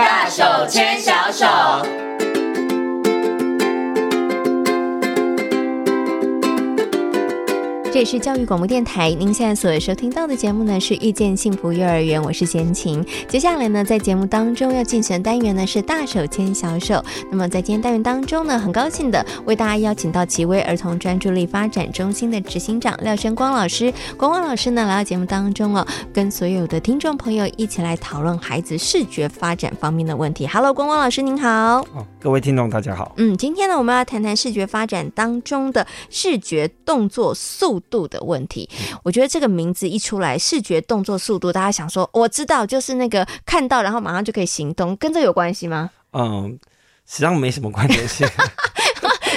大手牽小手。這裡是教育廣播電臺，您現在所收聽到的節目呢是《遇見幸福幼兒園》，我是賢琴。接下來呢，在節目當中要進行的單元呢是“大手牽小手”。那麼在今天單元當中呢，很高興的為大家邀請到奇威兒童專注力發展中心的執行長廖笙光老師。光光老師呢來到節目當中哦，跟所有的聽眾朋友一起來討論孩子視覺發展方面的問題。Hello，光光老師，您好。好、哦，各位聽眾，大家好。嗯，今天呢，我們要談談視覺發展當中的視覺動作速度。度的問題，我覺得這個名字，一出來，視覺動作速度，大家想說，我知道，就是那個看到然後馬上就可以行動，跟這有關係嗎？嗯，實際上沒什麼關係。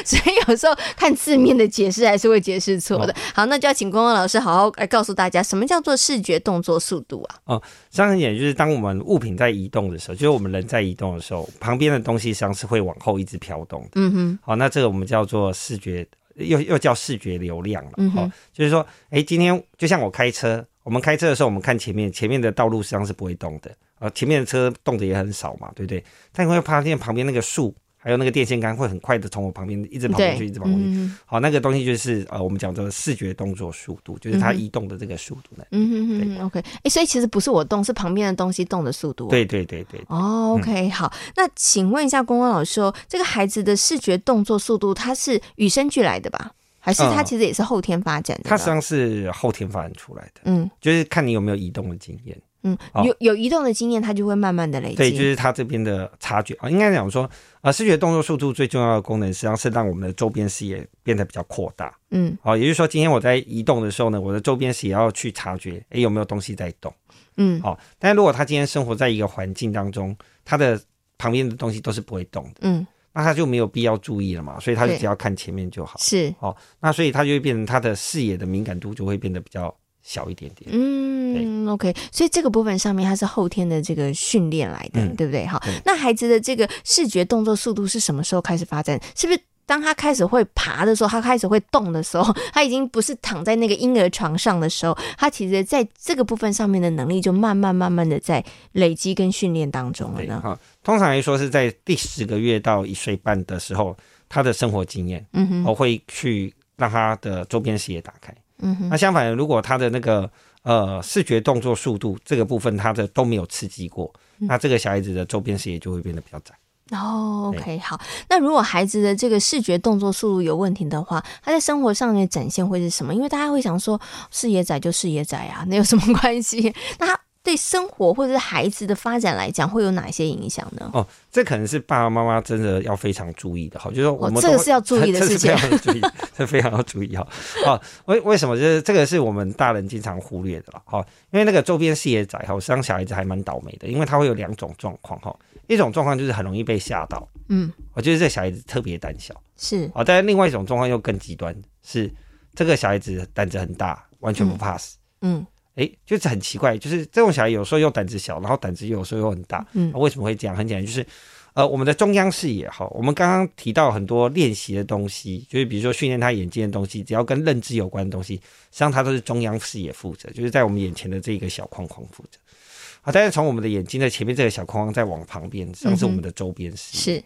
所以有時候看字面的解釋還是會解釋錯的。嗯、好，那就要請光光老師好好來告訴大家，什麼叫做視覺動作速度啊？哦、嗯，這樣一點就是當我們物品在移動的時候，就是我們人在移動的時候，旁邊的東西實際上是會往後一直飄動的。嗯哼，好，那這個我們叫做視覺。又又叫視覺流量了，哦，嗯哼，喔，就是說，哎、欸，今天就像我開車，我們開車的時候，我們看前面，前面的道路實際上是不會動的，呃，前面的車動的也很少嘛，對不對，對？但你會發現旁邊那個樹。還有那個電線桿會很快的從我旁邊一直跑過去，一直跑過去。好，那個東西就是呃，我們講這個視覺動作速度，就是它移動的這個速度呢、嗯對嗯。嗯嗯嗯，OK，哎、欸，所以其實不是我動，是旁邊的東西動的速度。對對對對。對對對哦，OK，、嗯、好，那請問一下，光光老師、哦，這個孩子的視覺動作速度，它是與生俱來的吧？還是他其實也是後天發展的？他、嗯、實際上是後天發展出來的。嗯，就是看你有沒有移動的經驗。嗯，有有移動的經驗，他就會慢慢的累積、哦。對，就是他這邊的察覺啊、哦，應該講說啊、呃，視覺動作速度最重要的功能，實際上是讓我們的周邊視野變得比較擴大。嗯，好、哦，也就是說，今天我在移動的時候呢，我的周邊視野要去察覺，哎、欸，有沒有東西在動？嗯，好、哦，但是如果他今天生活在一個環境當中，他的旁邊的東西都是不會動的，嗯，那他就沒有必要注意了嘛，所以他就只要看前面就好。是，哦，那所以他就會變成他的視野的敏感度就會變得比較小一點點。嗯。對 OK，所以這個部分上面它是後天的這個訓練來的，嗯、對不對？好，對那孩子的這個視覺動作速度是什麼時候開始發展？是不是當他開始會爬的時候，他開始會動的時候，他已經不是躺在那個嬰兒床上的時候，他其實在這個部分上面的能力就慢慢慢慢的在累積跟訓練當中了呢？好，通常來說是在第十個月到一歲半的時候，他的生活經驗，嗯哼，我會去讓他的周邊視野打開，嗯哼。那相反的，如果他的那個。呃，視覺動作速度這個部分，他的都沒有刺激過，嗯、那這個小孩子的周邊視野就會變得比較窄。哦、嗯、對，OK，好。那如果孩子的這個視覺動作速度有問題的話，他在生活上面展現會是什麼？因為大家會想說，視野窄就視野窄啊，那有什麼關係？那他。對生活或者是孩子的發展來講，會有哪些影響呢？哦，這可能是爸爸媽媽真的要非常注意的哈。就是說，我們、哦、這個是要注意的事情，是這非常注意，是 非常要注意哈。啊，為為什麼就是這個是我們大人經常忽略的了哈、哦？因為那個周邊視野窄哈，我、哦、像小孩子還蠻倒霉的，因為他會有兩種狀況哈。一種狀況就是很容易被嚇到，嗯，我覺得這個小孩子特別膽小，是啊、哦。但是另外一種狀況又更極端，是這個小孩子膽子很大，完全不怕死，嗯。嗯哎，就是很奇怪，就是這種小孩有時候又膽子小，然後膽子有時候又很大。嗯，為什麼會這樣？很簡單，就是呃，我們的中央視野哈，我們剛剛提到很多練習的東西，就是比如說訓練他眼睛的東西，只要跟認知有關的東西，實際上他都是中央視野負責，就是在我們眼前的這個小框框負責。好，但是從我們的眼睛的前面這個小框框再往旁邊，像是我們的周邊視野。嗯、是，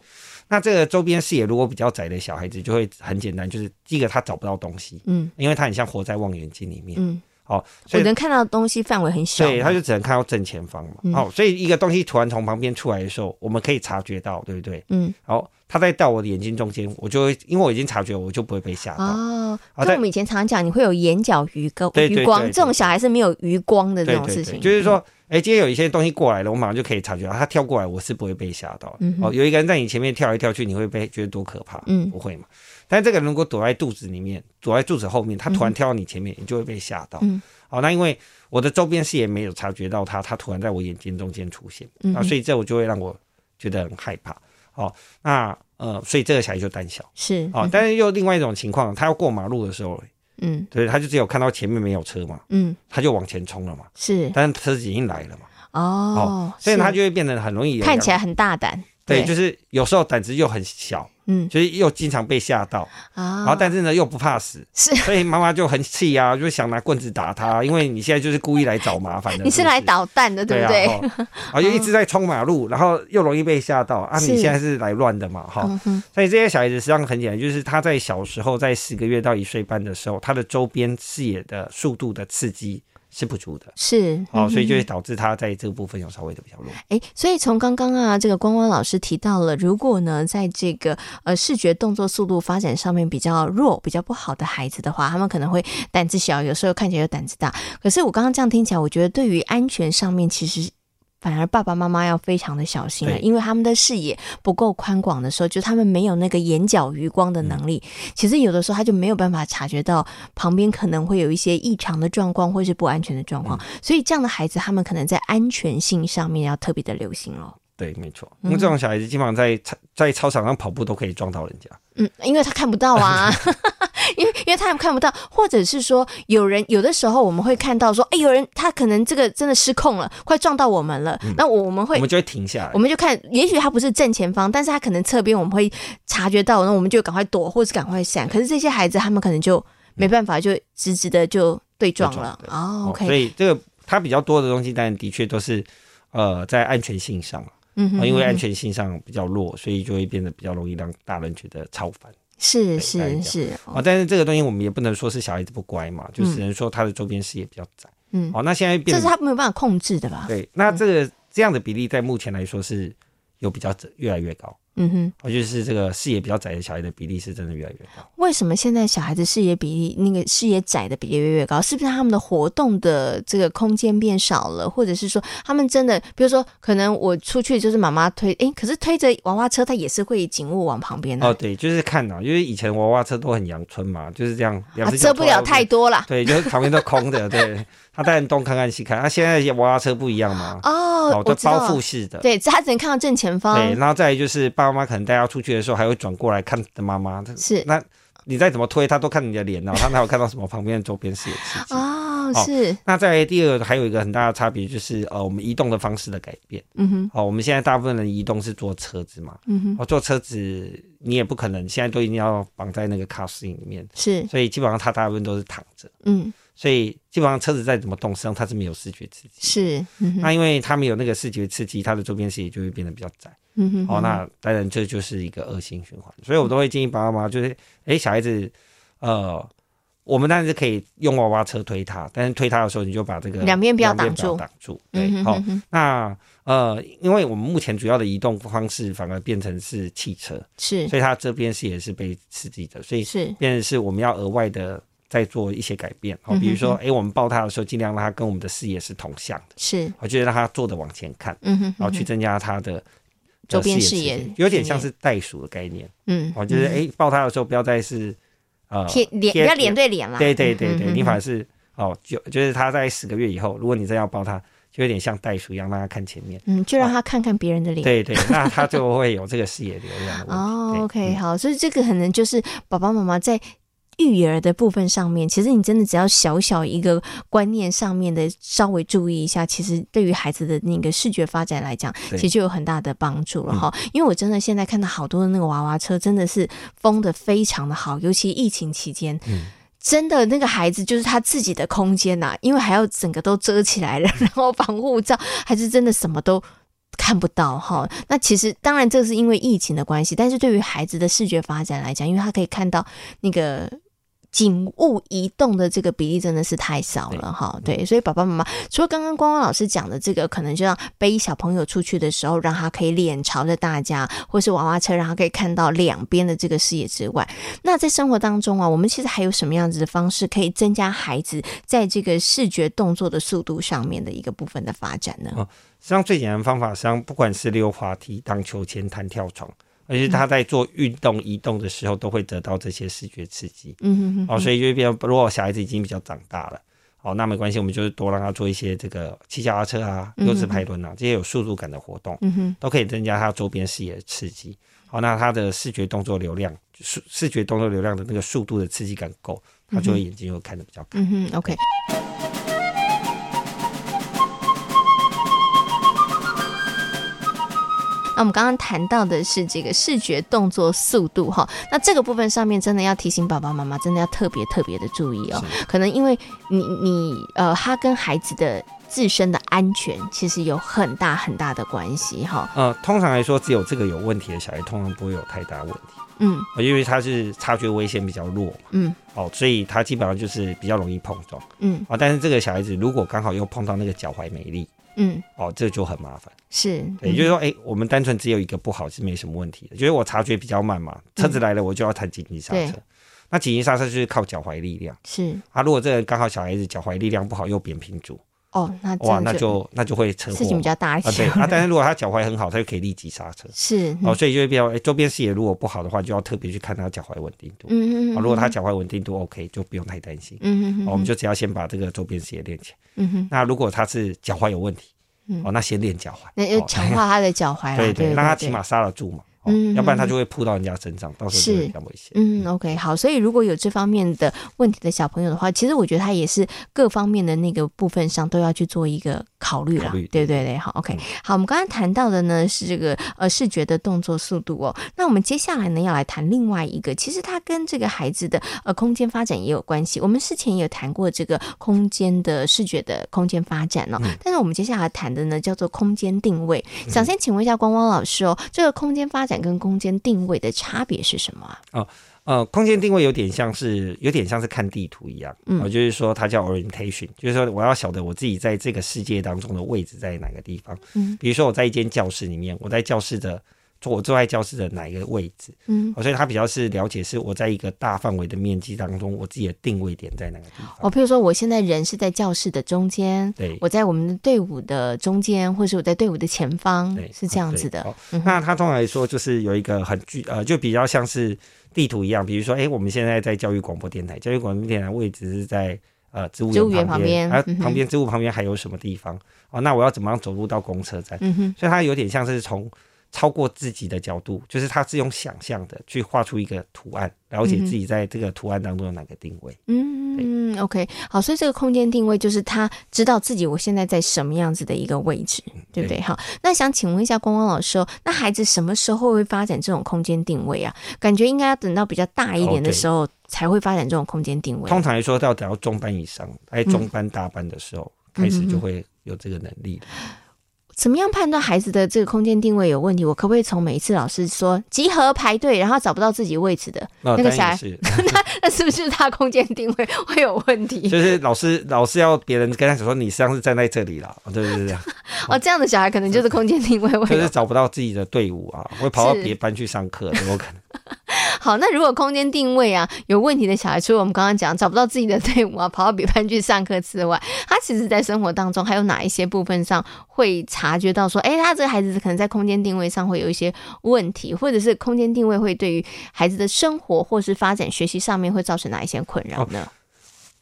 那這個周邊視野如果比較窄的小孩子，就會很簡單，就是第一個他找不到東西，嗯，因為他很像活在望遠鏡裡面，嗯。哦，所以能看到的東西範圍很小。對，他就只能看到正前方嘛。嗯、哦，所以一個東西突然從旁邊出來的時候，我們可以察覺到，對不對？嗯。哦，他再到我的眼睛中間，我就會因為我已經察覺了，我就不會被嚇到。哦，哦，跟我們以前常常講，你會有眼角餘夠餘光。對對對對，對這種小孩是沒有餘光的這種事情。對對對，就是說，哎、嗯，今天有一些東西過來了，我馬上就可以察覺到，他跳過來，我是不會被嚇到。嗯、哼哦，有一個人在你前面跳來跳去，你會被覺得多可怕？嗯，不會嘛。但這個人如果躲在肚子裡面，躲在柱子後面，他突然跳到你前面，你就會被嚇到。好，那因為我的周邊視野沒有察覺到他，他突然在我眼睛中間出現，啊，所以這我就會讓我覺得很害怕。好，那呃，所以這個小孩就膽小。是，哦，但是又另外一種情況，他要過馬路的時候，嗯，對，他就只有看到前面沒有車嘛，嗯，他就往前衝了嘛。是，但是車子已經來了嘛。哦，所以他就會變得很容易看起來很大膽。對，就是有時候膽子又很小，嗯對，就是又經常被嚇到啊，嗯、然後但是呢又不怕死，是、啊，所以媽媽就很氣啊，就想拿棍子打他，是因為你現在就是故意來找麻煩的， 你是來搗蛋的，對不對？對啊，又一直在衝馬路，然後又容易被嚇到、嗯、啊，你現在是來亂的嘛，哈，嗯、所以這些小孩子實際上很簡單，就是他在小時候在十個月到一歲半的時候，他的周邊視野的速度的刺激是不足的，是、嗯、哦，所以就會導致他在這個部分有稍微的比較弱。誒、欸，所以從剛剛啊，這個光光老師提到了，如果呢，在這個呃視覺動作速度發展上面比較弱、比較不好的孩子的話，他們可能會膽子小，有時候看起來有膽子大。可是我剛剛這樣聽起來，我覺得對於安全上面其實。反而爸爸媽媽要非常的小心了，因為他們的視野不夠寬廣的時候，就他們沒有那個眼角餘光的能力。其實有的時候他就沒有辦法察覺到旁邊可能會有一些異常的狀況，或是不安全的狀況。所以這樣的孩子，他們可能在安全性上面要特別的留心哦。對，沒錯，因為這種小孩子基本上在、嗯、在操場上跑步都可以撞到人家。嗯，因為他看不到啊， 因為因為他們看不到，或者是說有人有的時候我們會看到說，哎、欸，有人他可能這個真的失控了，快撞到我們了。嗯、那我們會，我們就會停下來，我們就看，也許他不是正前方，但是他可能側邊，我們會察覺到，那我們就趕快躲，或是趕快閃。對可是這些孩子他們可能就沒辦法，嗯、就直直的就對撞了。哦，OK，哦所以這個他比較多的東西，但的確都是呃在安全性上。嗯、哦，因為安全性上比較弱，所以就會變得比較容易讓大人覺得超煩是。是是是，哦，但是這個東西我們也不能說是小孩子不乖嘛，嗯、就只能說他的周邊視野比較窄。嗯，哦，那現在變得這是他沒有辦法控制的吧？對，那這個、嗯、這樣的比例在目前來說是有比較越來越高。嗯哼，而就是這個視野比較窄的小孩的比例是真的越來越高。為什麼現在小孩子視野比例那個視野窄的比例越來越高？是不是他們的活動的這個空間變少了，或者是說他們真的，比如說可能我出去就是媽媽推，哎，可是推着娃娃車，他也是會緊握往旁邊的，啊。哦，對，就是看啊，因為以前娃娃車都很陽春嘛，就是這樣，啊，遮不了太多了。對，就是旁邊都空的， 對。他帶你東看看，西看。那、啊，現在娃娃車不一樣嘛？哦，我知道，就包覆式的。對，他只能看到正前方。對，然後再就是把。媽媽可能帶她出去的時候，還會轉過來看的媽媽。是，那你再怎麼推，他都看你的臉了 他沒有看到什麼旁邊的周邊視野刺激啊。哦哦、是。哦、那再來第二，還有一個很大的差別就是，呃，我們移動的方式的改變。嗯哼。哦，我們現在大部分的移動是坐車子嘛。嗯哼。哦，坐車子你也不可能現在都一定要綁在那個卡斯裡面。是。所以基本上他大部分都是躺着。嗯。所以基本上車子再怎麼動，實際上他是沒有視覺刺激。是。嗯、哼那因為他沒有那個視覺刺激，他的周邊視野就會變得比較窄。嗯哼、哼，好、哦，那當然這就是一個惡性循環，所以我都會建議爸爸媽媽就是，哎、欸，小孩子，呃，我們當然是可以用娃娃車推他，但是推他的時候你就把這個兩邊不要擋住，擋住，對，好、嗯、哦，那呃，因為我們目前主要的移動方式反而變成是汽車，是，所以他這邊是也是被刺激的，所以是變成是我們要額外的再做一些改變，好、哦，比如說，哎、欸，我們抱他的時候儘量讓他跟我們的視野是同向的，是，我就讓他坐着往前看，嗯哼、哼、哼，然後去增加他的。週邊視野，視野，視野有點像是袋鼠的概念，嗯，哦，就是哎、欸，抱他的時候不要再是，呃，臉連不要臉對臉啦，對對對對，嗯、你反而是哦，就就是他在十個月以後，如果你真要抱他，就有點像袋鼠一樣，讓他看前面，嗯，就讓他看看別人的臉，對,對對，那他就會有這個視野流量的問題、 哦、OK，、嗯、好，所以這個可能就是爸爸媽媽在。育兒的部分上面，其實你真的只要小小一個觀念上面的稍微注意一下，其實對於孩子的那個視覺發展來講，對其實就有很大的幫助了哈。嗯、因為我真的現在看到好多的那個娃娃車，真的是封得非常的好，尤其疫情期間，嗯、真的那個孩子就是他自己的空間吶、啊，因為還要整個都遮起來了，然後防護罩，還是真的什麼都看不到哈。那其實當然這是因為疫情的關係，但是對於孩子的視覺發展來講，因為他可以看到那個。景物移動的這個比例真的是太少了哈對，對，所以爸爸媽媽除了剛剛光光老師講的這個，可能就像背小朋友出去的時候，讓他可以臉朝着大家，或是娃娃車，讓他可以看到兩邊的這個視野之外，那在生活當中啊，我們其實還有什麼樣子的方式可以增加孩子在這個視覺動作的速度上面的一個部分的發展呢？哦，實際上最簡單的方法是，實際上不管是溜滑梯、盪秋千、彈跳床。而且他在做運動、移動的時候，都會得到這些視覺刺激。嗯哼哼。哦，所以就變，如果小孩子已經比較長大了，哦，那沒關係，我們就多讓他做一些這個騎腳踏車啊、溜直排輪啊這些有速度感的活動。嗯哼。都可以增加他周邊視野的刺激。好、嗯哼哦，那他的視覺動作流量，視視覺動作流量的那個速度的刺激感夠，他就會眼睛就會看得比較高。嗯哼，對嗯哼。OK。那我們剛剛談到的是這個視覺動作速度哈，那這個部分上面真的要提醒爸爸媽媽，真的要特別特別的注意哦。是可能因為你你呃，他跟孩子的自身的安全其實有很大很大的關係哈。呃，通常來說，只有這個有問題的小孩，通常不會有太大問題。嗯。因為他是察覺危險比較弱。嗯。哦，所以他基本上就是比較容易碰撞。嗯。啊、哦，但是這個小孩子如果剛好又碰到那個腳踝沒力。嗯，哦，這就很麻煩，是，也就是說，哎，我們單純只有一個不好是沒什麼問題的，就是我察覺比較慢嘛，車子來了我就要踩緊急剎車，嗯、那緊急剎車就是靠腳踝力量，是，啊，如果這個剛好小孩子腳踝力量不好又扁平足。哦，那就哇，那就那就會車禍事情比較大一些，啊。對啊，但是如果他腳踝很好，他就可以立即剎車。是、嗯、哦，所以就會比較。哎、欸，周邊視野如果不好的話，就要特別去看他腳踝穩定度。嗯嗯、哦、如果他腳踝穩定度 OK，就不用太擔心。嗯哼嗯哼、哦、我們就只要先把這個周邊視野練起來。嗯哼。那如果他是腳踝有問題，哦，那先練腳踝。那要強化他的腳踝。對對，那他起碼剎得住嘛。嗯、哦，要不然他就會撲到人家身上，嗯嗯，到時候就會比較危險。嗯，OK，好，所以如果有這方面的問題的小朋友的話，其實我覺得他也是各方面的那個部分上都要去做一個。考慮了，慮對對對，好，OK，、嗯、好，我們剛剛談到的呢是這個呃視覺的動作速度哦，那我們接下來呢要來談另外一個，其實它跟這個孩子的呃空間發展也有關係。我們之前也有談過這個空間的視覺的空間發展了、哦，嗯、但是我們接下來談的呢叫做空間定位。嗯、想先請問一下光光老師哦，這個空間發展跟空間定位的差別是什麼啊？哦。呃，空間定位有點像是，有點像是看地圖一樣。嗯，我、呃、就是說，它叫 orientation，就是說，我要曉得我自己在這個世界當中的位置在哪個地方。嗯，比如說我在一間教室裡面，我在教室的坐，我坐在教室的哪一個位置？嗯、呃，所以它比較是了解是我在一個大範圍的面積當中，我自己的定位點在哪個地方。哦，譬如說我現在人是在教室的中間，對，我在我們的隊伍的中間，或者是我在隊伍的前方，是這樣子的。嗯嗯、哼那它通常來說就是有一個很具呃，就比較像是。地圖一樣，比如說，哎、欸，我們現在在教育廣播電臺，教育廣播電台位置是在呃植物園旁邊，旁嗯、啊，旁邊植物旁邊還有什麼地方？嗯、哼哦，那我要怎麼樣走路到公車站？嗯哼，所以它有點像是從超過自己的角度，就是它是用想象的去畫出一個圖案，了解自己在這個圖案當中的哪個定位。嗯。嗯 OK，好，所以這個空間定位就是他知道自己我現在在什麼樣子的一個位置，對不對？欸、好，那想請問一下光光老師哦，那孩子什麼時候會發展這種空間定位啊？感覺應該要等到比較大一點的時候才會發展這種空間定位。啊。Okay, 通常來說，他要等到中班以上，哎，中班大班的時候，嗯、開始就會有這個能力。嗯嗯嗯嗯怎麼樣判斷孩子的這個空間定位有問題？我可不可以從每一次老師說集合排隊，然後找不到自己位置的那，是那個小孩，那那是不是他空間定位會有問題？就是老師老師要別人跟他講說，你實際上是站在這裡了，對不對，對哦，這樣的小孩可能就是空間定位問題，就是找不到自己的隊伍啊，是會跑到別班去上課，怎麼可能。呵呵好，那如果空間定位啊有問題的小孩，除了我們剛剛講找不到自己的隊伍啊，跑到別班去上課之外，他其實在生活當中還有哪一些部分上會察覺到說，哎、欸，他這個孩子可能在空間定位上會有一些問題，或者是空間定位會對於孩子的生活或是發展、學習上面會造成哪一些困擾呢？哦、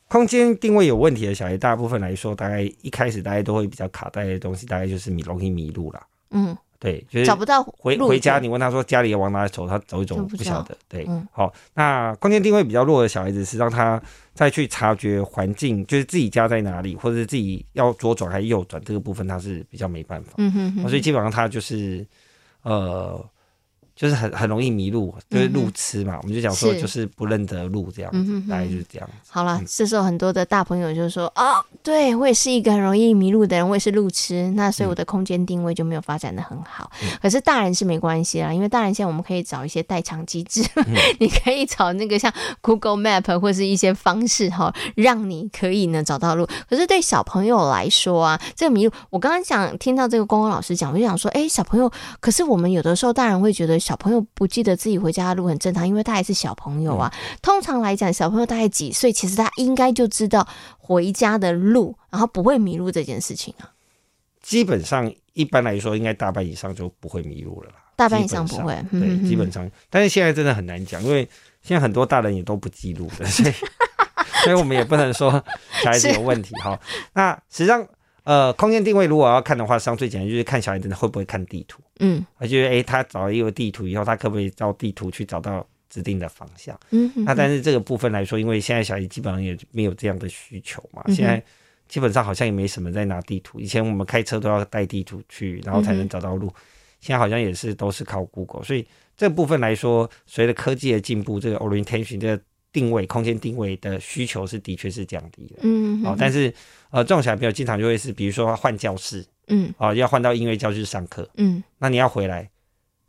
空間定位有問題的小孩，大部分來說，大概一開始大家都會比較卡帶的東西，大概就是迷容易迷路了。嗯。對，就是找不到回回家。你問他說，家裡要往哪裡走，他走一走不曉得。對，嗯、好，那空間定位比較弱的小孩子是讓他再去察覺環境，就是自己家在哪裡，或者是自己要左轉還是右轉這個部分，他是比較沒辦法。嗯、哼哼。所以基本上他就是呃。就是很很容易迷路，就是路痴嘛，嗯、哼我們就講說就是不認得路這樣子，嗯、哼哼，大概就是這樣好了，這時候很多的大朋友就說啊、嗯哦，對，我也是一個很容易迷路的人，我也是路痴，那所以我的空間定位就沒有發展的很好。嗯、可是大人是沒關係啦，因為大人現在我們可以找一些代償機制，嗯、 你可以找那個像 Google Map 或是一些方式哈，讓你可以呢找到路。可是對小朋友來說啊，這個迷路，我剛剛想聽到這個光光老師講，我就想說，哎、欸，小朋友，可是我們有的時候大人會覺得。小朋友不記得自己回家的路很正常，因為他還是小朋友啊。嗯、通常來講，小朋友大概幾歲，所以其實他應該就知道回家的路，然後不會迷路這件事情啊。基本上一般來說，應該大半以上就不會迷路了。大半以上，上不會，嗯、哼哼對，基本上。但是現在真的很難講，因為現在很多大人也都不記路了，所以， 所以我們也不能說小孩子有問題哈是。那實際上。呃，空間定位如果要看的話，上最簡單就是看小孩子會不會看地圖。嗯，就是誒，他找了一個地圖以後，他可不可以照地圖去找到指定的方向？嗯哼哼，那但是這個部分來說，因為現在小孩基本上也沒有這樣的需求嘛。嗯、哼現在基本上好像也沒什麼在拿地圖，以前我們開車都要帶地圖去，然後才能找到路。嗯、哼現在好像也是都是靠 Google，所以這個部分來說，隨着科技的進步，這個 orientation、這個定位空間定位的需求是的確是降低了，嗯哦，但是呃，這種小朋友經常就會是，比如說換教室，嗯，哦、呃，要換到音樂教室上課，嗯，那你要回來，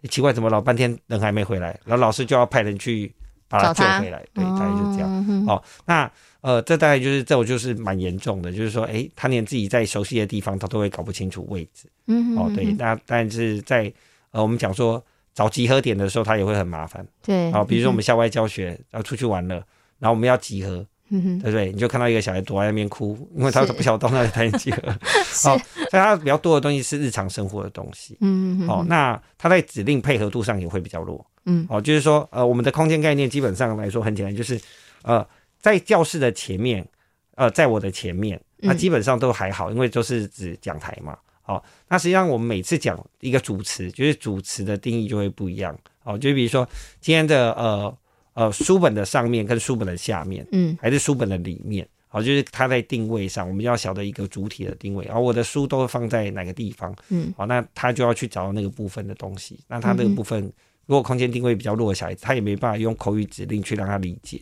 你、欸、奇怪怎麼老半天人還沒回來？然後老師就要派人去把他救回來，他對，大概就這樣，哦，那呃，這大概就是這種就是蠻嚴重的，就是說，誒、欸、他連自己在熟悉的地方他都，都會搞不清楚位置，嗯嗯。哦，對，那但是在呃，我們講說。找集合點的時候，他也會很麻煩。對，好、哦，比如說我們校外教學，然後、嗯哼啊、出去玩了，然後我們要集合，嗯、哼對不對？你就看到一個小孩躲在那邊哭，因為他不曉得哪裡才是集合。好 是、哦，所以它比較多的東西是日常生活的東西。嗯嗯哦，那他在指令配合度上也會比較弱。嗯。哦，就是說，呃，我們的空間概念基本上來說很簡單，就是呃，在教室的前面，呃，在我的前面，那、嗯啊、基本上都還好，因為都是指講台嘛。好、哦，那實際上我們每次講一個主詞，就是主詞的定義就會不一樣。好、哦，就是，比如說今天的呃呃書本的上面跟書本的下面，嗯，還是書本的裡面，好、哦，就是它在定位上，我們要曉得一個主體的定位。而、哦、我的書都放在哪個地方，嗯，好、哦，那他就要去找到那個部分的東西。那他那個部分、嗯、如果空間定位比較弱的小孩子，他也沒辦法用口語指令去讓他理解。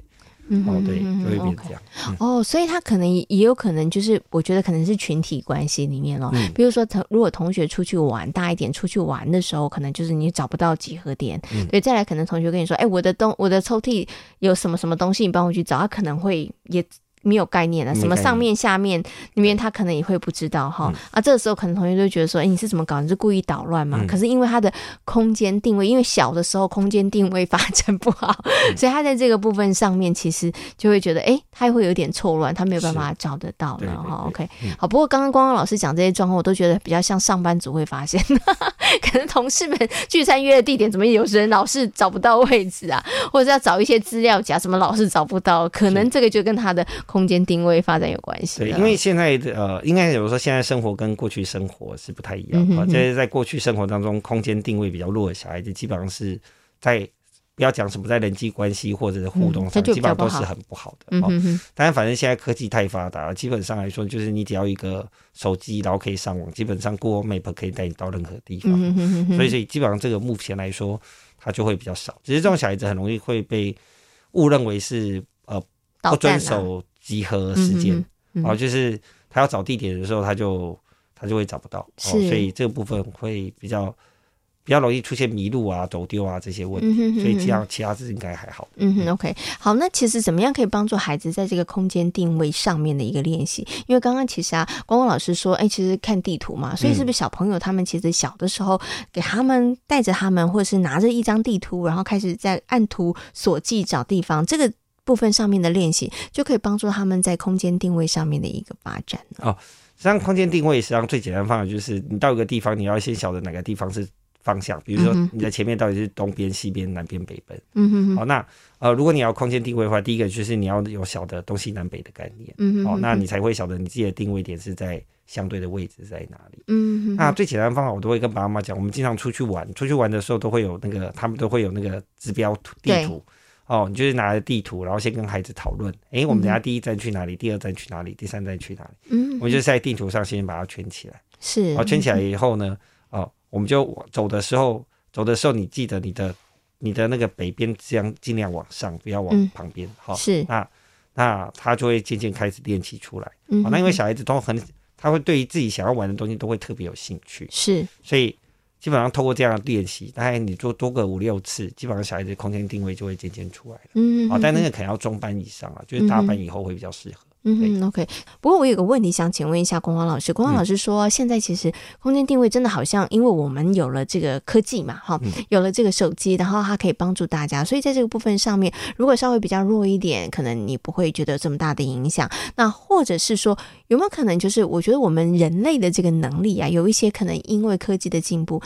哦，對，就會變成這樣。哦、嗯，okay. oh, 所以他可能也有可能，就是我覺得可能是群體關係裡面咯。比如說如果同學出去玩，大一點出去玩的時候，可能就是你找不到集合點。對，再來可能同學跟你說：“哎，我的東我的抽屜有什麼什麼東西，你幫我去找。”他可能會也。沒有概念的、啊，什麼上面下面裡面，他可能也會不知道哈。啊，這個時候可能同學就覺得說，誒，你是怎麼搞？你是故意搗亂嗎？嗯、可是因為他的空間定位，因為小的時候空間定位發展不好，嗯、所以他在這個部分上面，其實就會覺得，誒，他會有點錯亂，他沒有辦法找得到的哈。OK，、嗯、好，不過剛剛光光老師講這些狀況，我都覺得比較像上班族會發現， 可能同事們聚餐約的地點，怎麼有時候老是找不到位置啊？或者是要找一些資料夾，怎麼老是找不到？可能這個就跟他的。空間定位發展有關係。因為現在呃，應該有時候現在生活跟過去生活是不太一樣。在、嗯、在過去生活當中，空間定位比較弱的小孩子基本上是在不要講什麼在人際關係或者是互動上，嗯、基本上都是很不好的。嗯哼、哼、哦。但反正現在科技太發達了，基本上來說，就是你只要一個手機，然後可以上網，基本上過 o o 可以帶你到任何地方。嗯嗯，所以基本上這個目前來說，它就會比較少。只是這種小孩子很容易會被誤認為是呃不、啊、遵守集合時間然後、嗯嗯嗯啊、就是他要找地點的時候，他就他就會找不到是、啊，所以這個部分會比較比較容易出現迷路啊、走丟啊這些問題。嗯哼嗯哼嗯所以這樣其他是應該還好嗯哼、嗯、OK，好，那其實怎麼樣可以幫助孩子在這個空間定位上面的一個練習？因為剛剛其實啊，光光老師說，哎、欸，其實看地圖嘛，所以是不是小朋友他們其實小的時候給他們帶着、嗯、他們，或者是拿着一張地圖，然後開始在按圖索驥找地方這個？部分上面的練習就可以幫助他們在空間定位上面的一個發展哦。實際上，空間定位實際上最簡單的方法就是你到一個地方，你要先曉得哪個地方是方向。比如說，你在前面到底是東邊、嗯、哼西邊、南邊、北邊。嗯嗯好、哦，那呃，如果你要空間定位的話，第一個就是你要有曉得東西南北的概念。嗯嗯。哦，那你才會曉得你自己的定位點是在相對的位置在哪裡。嗯嗯。那最簡單的方法，我都會跟爸爸媽媽講。我們經常出去玩，出去玩的時候都會有那個，他們都會有那個指標圖地圖。哦，你就是拿着地圖，然後先跟孩子討論。誒，我們等下第一站去哪裡？第二站去哪裡？第三站去哪裡？嗯哼，我們就是在地圖上先把它圈起來。是。圈起來以後呢，哦，我們就走的時候，走的時候你記得你的你的那個北邊，將盡量往上，不要往旁邊。哈、嗯。是。哦、那那他就會漸漸開始練習出來。嗯哼、哦。那因為小孩子都很，他會對於自己想要玩的東西都會特別有興趣。是。所以。基本上透過這樣的練習，大概你做多個五六次，基本上小孩子空間定位就會漸漸出來了。嗯，嗯，啊、哦，但那個可能要中班以上啊，就是大班以後會比較適合。嗯嗯嗯哼，OK。不過我有個問題想請問一下光光老師。光光老師說，嗯、現在其實空間定位真的好像，因為我們有了這個科技嘛，哈、嗯，有了這個手機，然後它可以幫助大家，所以在這個部分上面，如果稍微比較弱一點，可能你不會覺得這麼大的影響。那或者是說，有沒有可能就是，我覺得我們人類的這個能力啊，有一些可能因為科技的進步。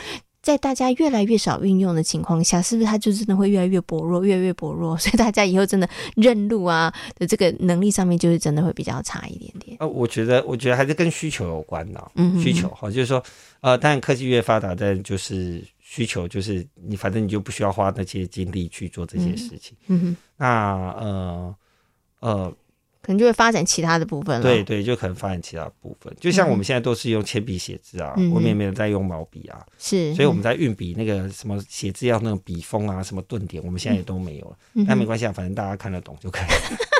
在大家越來越少運用的情況下，是不是它就真的會越來越薄弱，越來越薄弱？所以大家以後真的認路啊的這個能力上面，就是真的會比較差一點點。呃，我覺得，我覺得還是跟需求有關的。嗯，需求好，就是說，呃，當然科技越發達，但就是需求，就是你反正你就不需要花那些精力去做這些事情。嗯，嗯哼，那呃呃。呃可能就會發展其他的部分了。對，對對，就可能發展其他部分。就像我們現在都是用鉛筆寫字啊，我們也沒有在用毛筆啊。是、嗯哼，所以我們在運筆那個什麼寫字要那種筆鋒啊，什麼頓點，我們現在也都沒有了。嗯、哼但沒關係啊，反正大家看得懂就可以了。嗯哼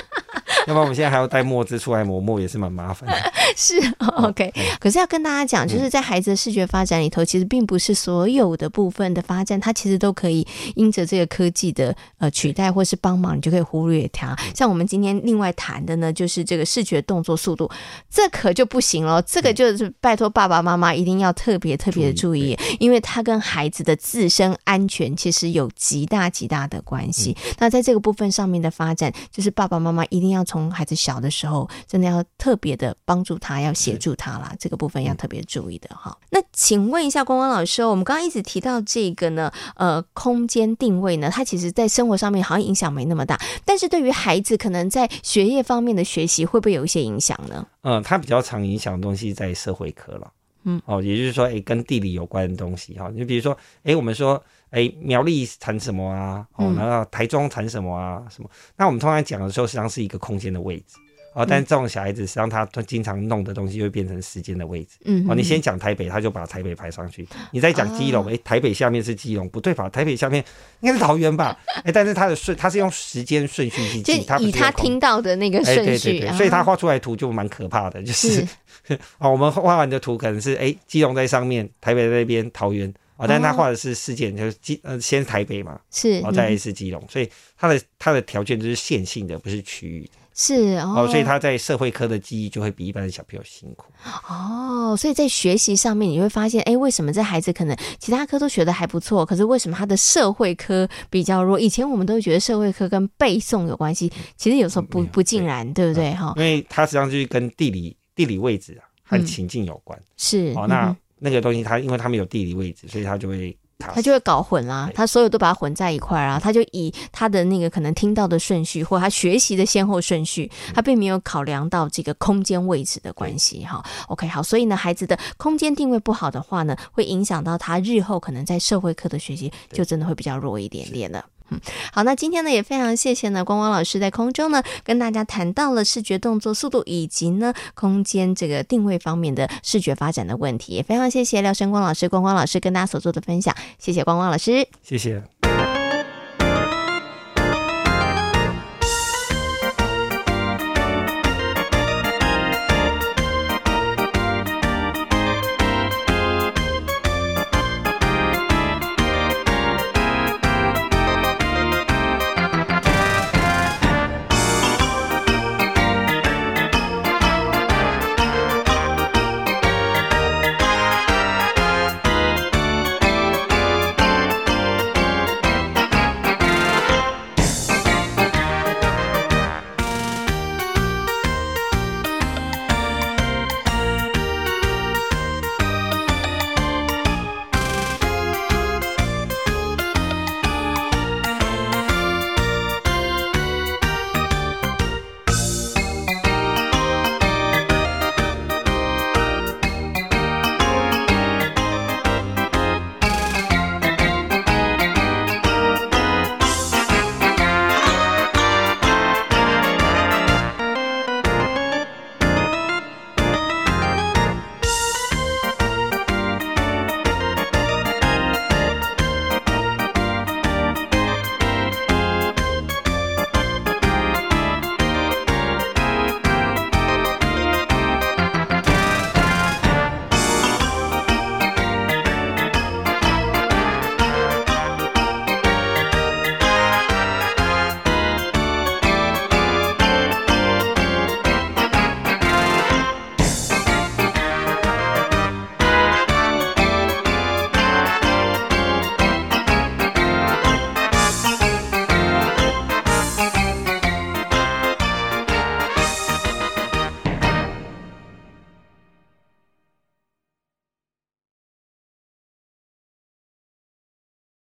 要不然我們現在還要帶墨汁出來磨墨，也是蠻麻煩的。 是，OK。可是要跟大家講，就是在孩子的視覺發展裡頭，其實並不是所有的部分的發展，它其實都可以因着這個科技的呃取代或是幫忙，你就可以忽略它。對像我們今天另外談的呢，就是這個視覺動作速度，這可就不行了。這個就是拜托爸爸媽媽一定要特別特別的注意，對因為他跟孩子的自身安全其實有極大極大的關係。對那在這個部分上面的發展，就是爸爸媽媽一定要從。從孩子小的時候，真的要特別的幫助他，要協助他啦，對這個部分要特別注意的哈。嗯、那請問一下光光老師哦，我們剛剛一直提到這個呢，呃，空間定位呢，它其實，在生活上面好像影響沒那麼大，但是對於孩子可能在學業方面的學習，會不會有一些影響呢？嗯、呃，它比較常影響的東西在社會科了，嗯，哦，也就是說，誒，跟地理有關的東西哈，你比如說，誒，我們說。欸、苗栗產什麼啊、喔？然後台中產什麼啊？什麼？那我們通常講的時候，實際上是一個空間的位置啊、喔。但是這種小孩子實際上他經常弄的東西，會變成時間的位置。嗯哼喔、你先講台北，他就把台北排上去。你再講基隆、嗯欸，台北下面是基隆，不對吧？台北下面應該是桃園吧、欸？但是他的順，他是用時間順序去記，他以他聽到的那個順序。對對對，所以他畫出來的圖就蠻可怕的，就是，是、喔、我們畫完的圖可能是、欸、基隆在上面，台北在那邊，桃園。哦，但他畫的是事件，哦、就是基呃，先是台北嘛，是，然、嗯、後再是基隆，所以他的他的條件就是線性的，不是區域，是，哦，哦，所以他在社會科的記憶就會比一般的小朋友辛苦。哦，所以在學習上面你會發現，哎、欸，為什麼這孩子可能其他科都學得還不錯，可是為什麼他的社會科比較弱？以前我們都覺得社會科跟背誦有關係，其實有時候不不盡然，嗯、對，對不對？哈、嗯，因為他實際上就是跟地理地理位置啊和情境有關，嗯、是，哦，那。嗯那個東西，他因為他們有地理位置，所以他就會他就會搞混啦。對他所有都把它混在一塊兒啊，他就以他的那個可能聽到的順序，或他學習的先後順序，嗯、他並沒有考量到這個空間位置的關係哈。對 OK，好，所以呢，孩子的空間定位不好的話呢，會影響到他日後可能在社會課的學習，就真的會比較弱一點點了。嗯，好，那今天呢，也非常謝謝呢光光老師在空中呢跟大家談到了視覺動作速度以及呢空間這個定位方面的視覺發展的問題，也非常謝謝廖笙光老師、光光老師跟大家所做的分享，謝謝光光老師，謝謝。